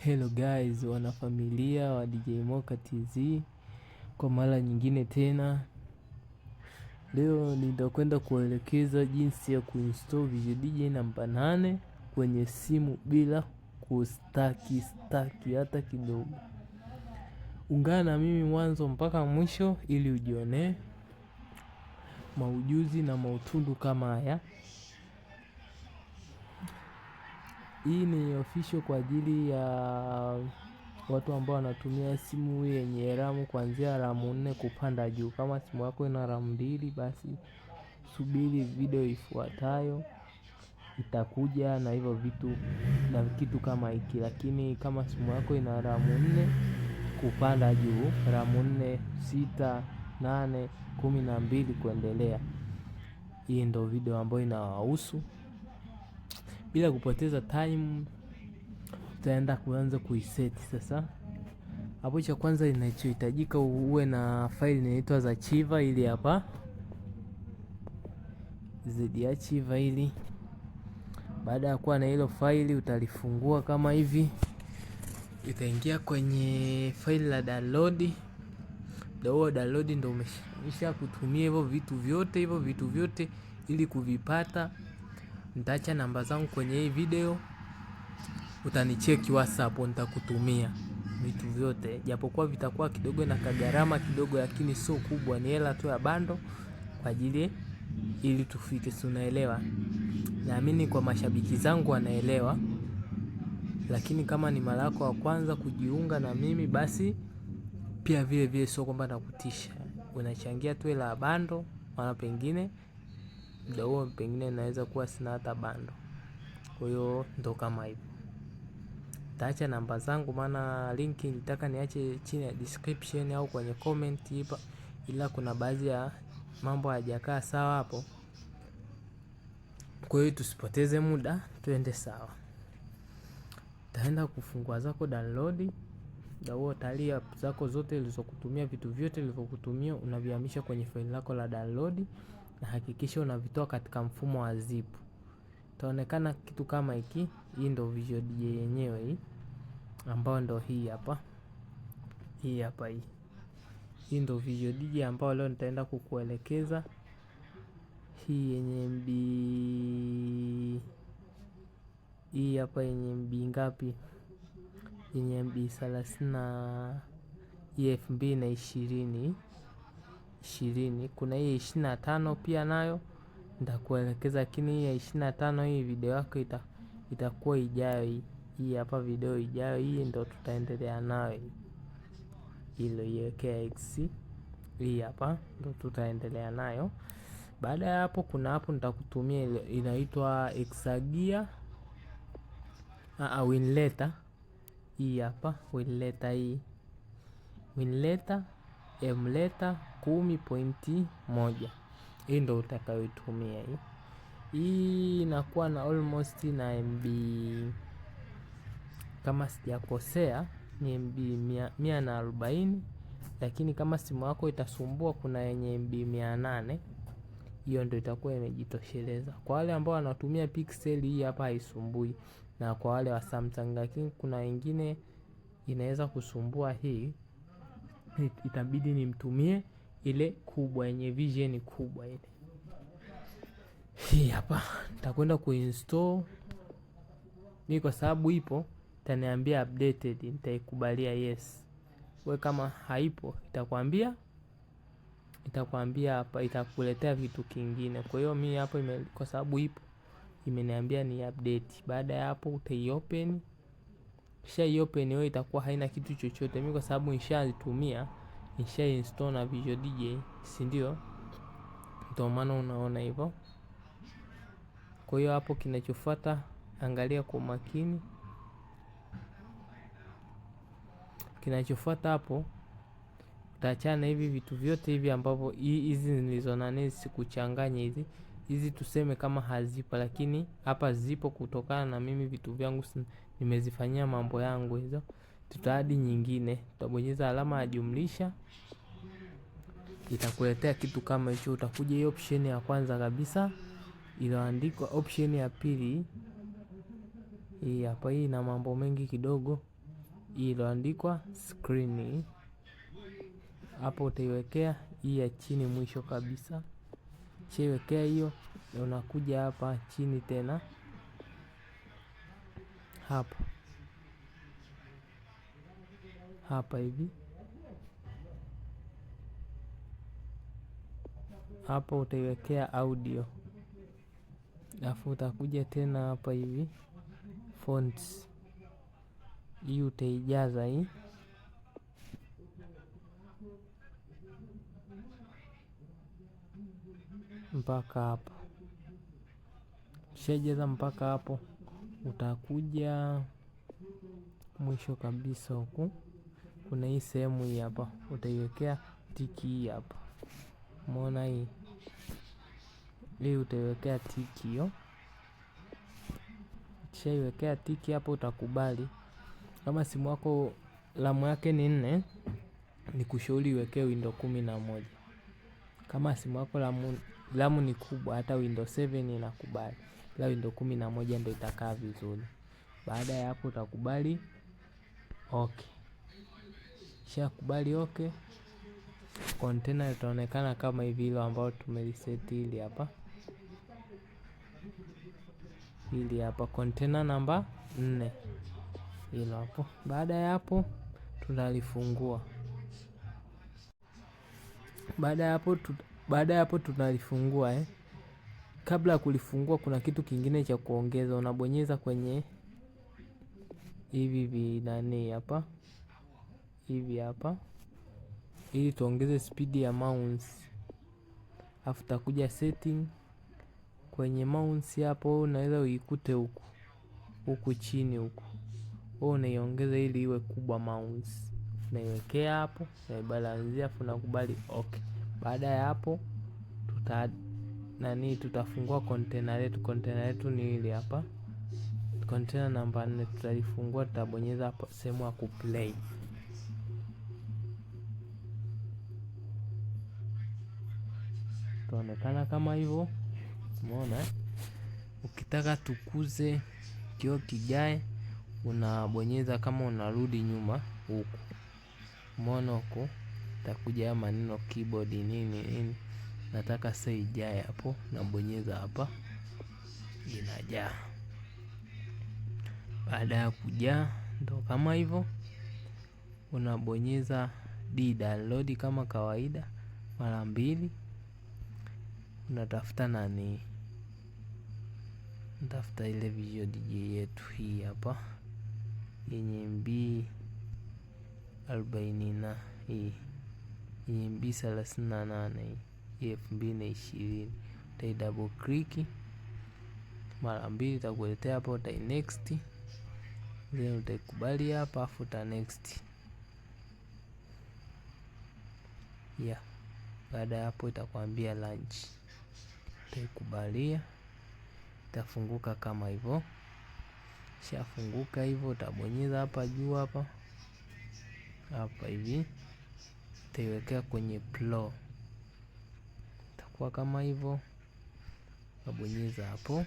Hello guys, wanafamilia wa DJ Moka TZ, kwa mara nyingine tena leo nitakwenda kuelekeza jinsi ya kuinstall Visual DJ namba nane kwenye simu bila kustaki staki hata kidogo. Ungana na mimi mwanzo mpaka mwisho ili ujionee maujuzi na mautundu kama haya. Hii ni official kwa ajili ya watu ambao wanatumia simu yenye ramu kuanzia ramu nne kupanda juu. Kama simu yako ina ramu mbili, basi subiri video ifuatayo itakuja na hivyo vitu na kitu kama hiki. Lakini kama simu yako ina ramu nne kupanda juu, ramu nne, sita, nane, kumi na mbili kuendelea, hii ndo video ambayo inawahusu bila kupoteza time utaenda kuanza kuiseti sasa. Hapo cha kwanza inachohitajika uwe na faili inaitwa za chiva, ili hapa zidi ya chiva hili. Baada ya kuwa na hilo faili, utalifungua kama hivi, itaingia kwenye faili la download. Ndio huo download ndio umesha kutumia hivyo vitu vyote, hivyo vitu vyote ili kuvipata Nitaacha namba zangu kwenye hii video, utanicheki WhatsApp, nitakutumia vitu vyote, japokuwa vitakuwa kidogo na kagharama kidogo, lakini sio kubwa, ni hela tu ya bando kwa ajili ili tufike, si unaelewa? Naamini kwa mashabiki zangu wanaelewa, lakini kama ni mara yako ya kwanza kujiunga na mimi, basi pia vile vile sio kwamba nakutisha, unachangia tu hela ya bando, maana pengine muda huo pengine naweza kuwa sina hata bando. Kwa hiyo ndo kama hivyo. taacha namba zangu maana linki nitaka niache chini ya description au kwenye comment hapa. Ila kuna baadhi ya mambo hayajakaa sawa hapo. Kwa hiyo tusipoteze muda, tuende sawa. Taenda kufungua zako download, muda huo tayari app zako zote zilizokutumia vitu vyote vilivyokutumia unavihamisha kwenye faili lako la download na hakikisha unavitoa katika mfumo wa zip. Itaonekana kitu kama hiki. Hii ndo video DJ yenyewe hii ambayo ndo hii hapa, hii hapa hii. Hii ndo video DJ ambayo leo nitaenda kukuelekeza hii yenye mbi hii hapa yenye mbi ngapi? Yenye mbi thelathini na elfu mbili na ishirini ishirini. Kuna hii ishirini na tano pia nayo nitakuelekeza, lakini hii ya ishirini na tano hii video yako ita, itakuwa ijayo hii hii hapa video ijayo hii ndo tutaendelea nayo iloiwekea x hii hapa ndo tutaendelea nayo. Baada ya hapo, kuna hapo nitakutumia inaitwa exagia winleta hii hapa winleta hii winleta mleta kumi pointi moja. Hii ndo utakayoitumia hii. Hii inakuwa na almost na MB kama sijakosea ni MB mia, mia na arobaini, lakini kama simu yako itasumbua kuna yenye MB mia nane. Hiyo ndo itakuwa imejitosheleza kwa wale ambao wanatumia Pixel. Hii hapa haisumbui, na kwa wale wa Samsung, lakini kuna wengine inaweza kusumbua hii, itabidi nimtumie ile kubwa yenye vision kubwa ile. Hii hapa nitakwenda kuinstall mimi, kwa sababu ipo taniambia updated, nitaikubalia yes. We kama haipo itakwambia itakwambia hapa, itakuletea vitu kingine. Kwa hiyo mimi hapo kwa sababu ipo imeniambia ni update. Baada ya hapo utaiopen, kisha iopen wewe, itakuwa haina kitu chochote. Mimi kwa sababu nishazitumia nisha install na Visual DJ, si ndio? Ndio maana unaona hivyo. Kwa hiyo hapo, kinachofuata angalia kwa makini, kinachofuata hapo utaachana hivi vitu vyote hivi ambavyo hizi nilizonani sikuchanganya hizi hizi tuseme kama hazipo, lakini hapa zipo kutokana na mimi vitu vyangu nimezifanyia mambo yangu hizo tutahadi nyingine, tutabonyeza alama ya jumlisha, itakuletea kitu kama hicho. Utakuja hiyo option ya kwanza kabisa iliyoandikwa option ya pili hii hapa, hii ina mambo mengi kidogo, hii iliyoandikwa screen hapo, utaiwekea hii ya chini mwisho kabisa, chaiwekea hiyo, unakuja hapa chini tena hapa hapa hivi hapo utaiwekea audio, alafu utakuja tena hapa hivi fonts, hii utaijaza hii mpaka hapo. Ushajaza mpaka hapo, utakuja mwisho kabisa huku kuna hii sehemu hii hapa, utaiwekea tiki hii hapa, umeona hii hii, utaiwekea tiki hiyo. Ukishaiwekea tiki hapo, utakubali. Kama simu yako ramu yake ni nne, ni kushauri iwekee window kumi na moja. Kama simu yako ramu ramu ni kubwa, hata window 7 inakubali, ila window kumi na moja ndo itakaa vizuri. Baada ya hapo utakubali okay. Ikishakubali okay, Kontena litaonekana kama hivi, hilo ambalo tumeliseti hili hapa, hili hapa kontena namba nne, hilo hapo. Baada ya hapo tunalifungua baada ya hapo tu, baada ya hapo tunalifungua eh. Kabla ya kulifungua kuna kitu kingine cha kuongeza, unabonyeza kwenye hivi vinani hapa hivi hapa ili tuongeze spidi ya mouse. Afu takuja setting kwenye mouse hapo, unaweza uikute huku huku chini huku, wewe unaiongeza ili iwe kubwa mouse, naiwekea hapo, naibalanzia afu nakubali okay. Baada ya hapo tuta nani, tutafungua container letu. Container letu ni hili hapa, container namba 4 tutalifungua, tutabonyeza hapo sehemu ya kuplay. tuonekana kama hivyo. Umeona, ukitaka tukuze kio kijae, unabonyeza kama unarudi nyuma huku, umeona huku takuja ya maneno keyboard nini nini, nataka sasa ijae hapo, nabonyeza hapa, inajaa. Baada ya kujaa, ndo kama hivyo, unabonyeza d download kama kawaida mara mbili. Unatafuta nani? Natafuta ile video DJ yetu hii hapa yenye MB arobaini na hii yenye MB thelathini na nane hii elfu mbili na ishirini utai double click mara mbili, itakuletea hapa, utai next, then utaikubali hapa, afu uta next yeah. Baada ya hapo itakwambia lunch utaikubalia, itafunguka kama hivyo. Shafunguka hivyo, utabonyeza hapa juu hapa hapa hivi, utaiwekea kwenye pro, itakuwa kama hivyo. Unabonyeza hapo,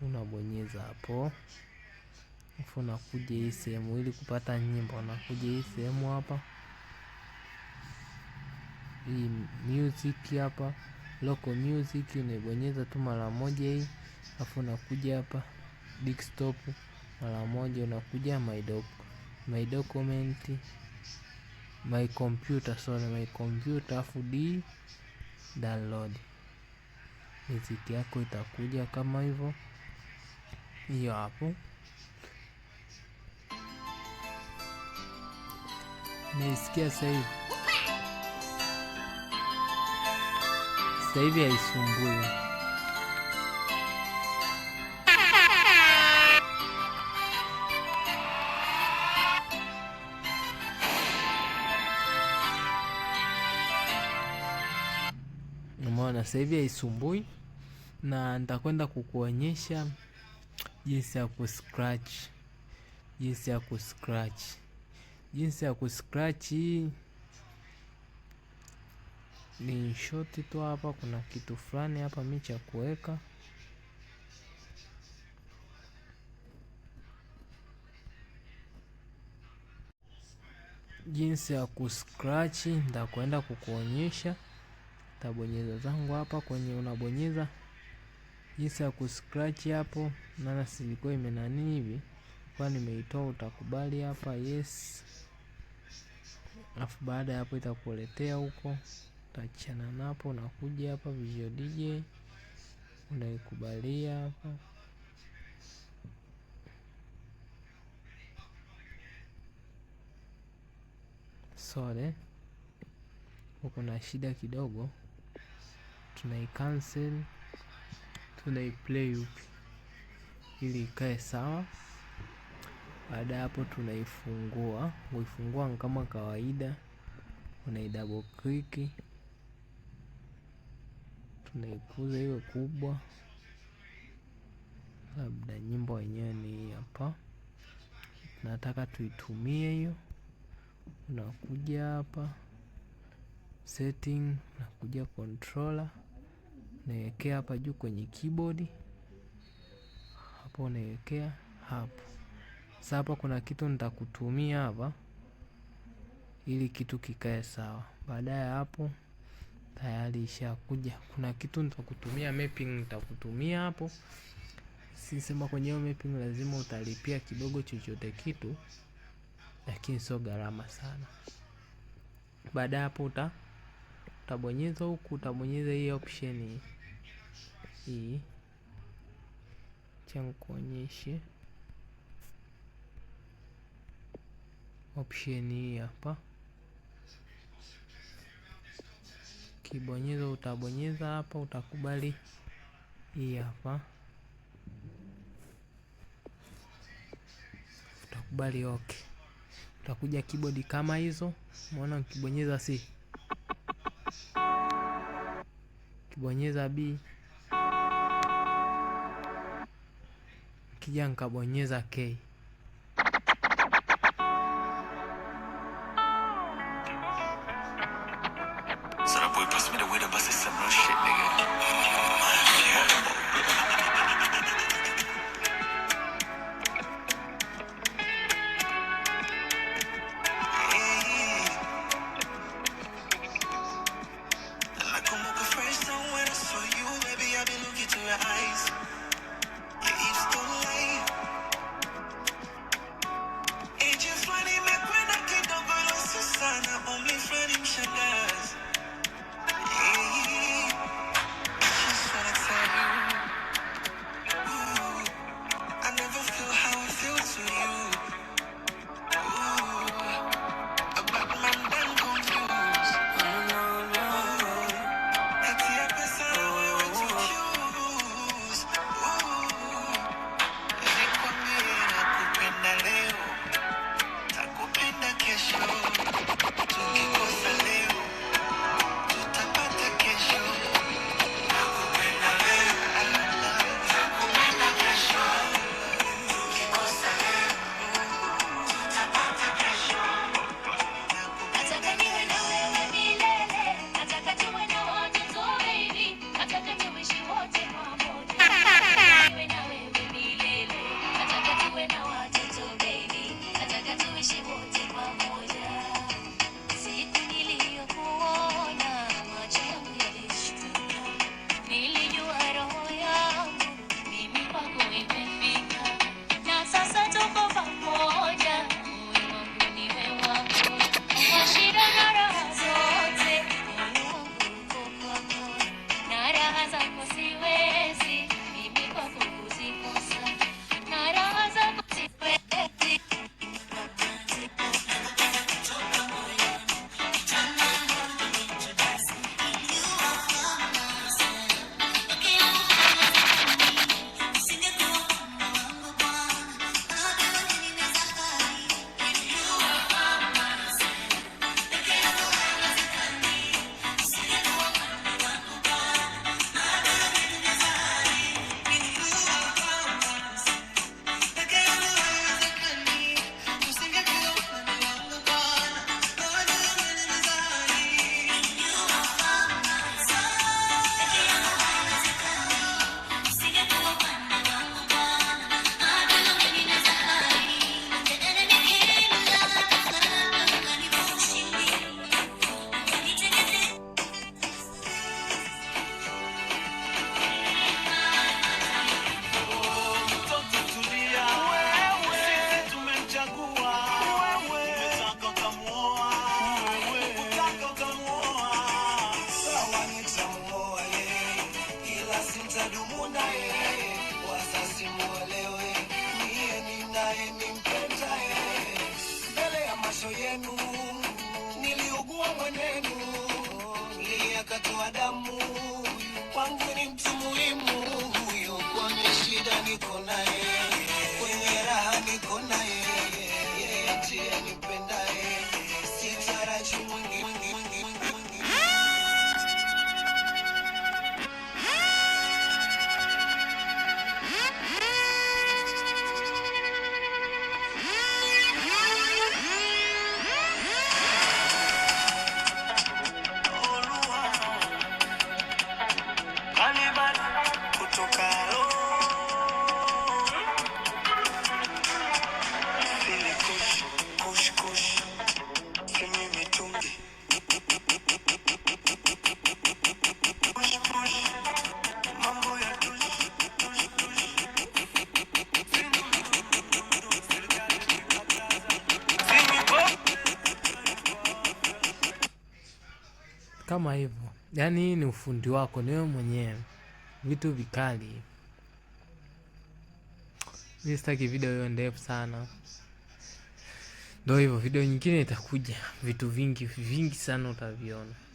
unabonyeza hapo, alafu unakuja hii sehemu ili kupata nyimbo, unakuja hii sehemu hapa hii music hapa, local music unaibonyeza tu mara moja hii, alafu unakuja hapa desktop, mara moja unakuja my doc, my document, my computer, sorry, my computer, afu d download music yako itakuja kama hivyo, hiyo hapo naisikia sasa hivi. Sasa hivi haisumbui. sasa hivi haisumbui na nitakwenda kukuonyesha jinsi ya kuscratch, jinsi ya kuscratch, jinsi ya kuscratch hii ni shoti tu hapa, kuna kitu fulani hapa mi cha kuweka jinsi ya kuscratch nitakwenda kukuonyesha. Tabonyeza zangu hapa kwenye, unabonyeza jinsi ya kuscratch hapo. Nanasi ilikuwa imenani hivi kwa nimeitoa, utakubali hapa yes, alafu baada ya hapo itakuletea huko utachana napo, unakuja hapa Visual DJ unaikubalia hapa sole. Huko na shida kidogo, tunai play upi ili ikae sawa. Baada ya hapo, tunaifungua. Kuifungua kama kawaida, unaidouble click tunaikuza iwe kubwa, labda nyimbo yenyewe ni hii hapa, nataka tuitumie hiyo. Unakuja hapa setting, unakuja controller, unawekea hapa juu kwenye keyboard hapo, unawekea hapo. Sasa hapa kuna kitu nitakutumia hapa ili kitu kikae sawa. Baada ya hapo tayari ishakuja. Kuna kitu nitakutumia mapping, nitakutumia hapo. Sisema kwenye hiyo mapping lazima utalipia kidogo chochote kitu, lakini sio gharama sana. Baada hapo uta utabonyeza huku, utabonyeza hii option hii, cha nikuonyeshe option hii hapa. ukibonyeza utabonyeza hapa, utakubali hii hapa, utakubali ok. Utakuja kibodi kama hizo, umeona, ukibonyeza C, ukibonyeza B, kija nikabonyeza K kama hivyo. Yaani hii ni ufundi wako, ni wewe mwenyewe. Vitu vikali. Mi sitaki video hiyo ndefu sana. ndo hivyo, video nyingine itakuja, vitu vingi vingi sana utaviona.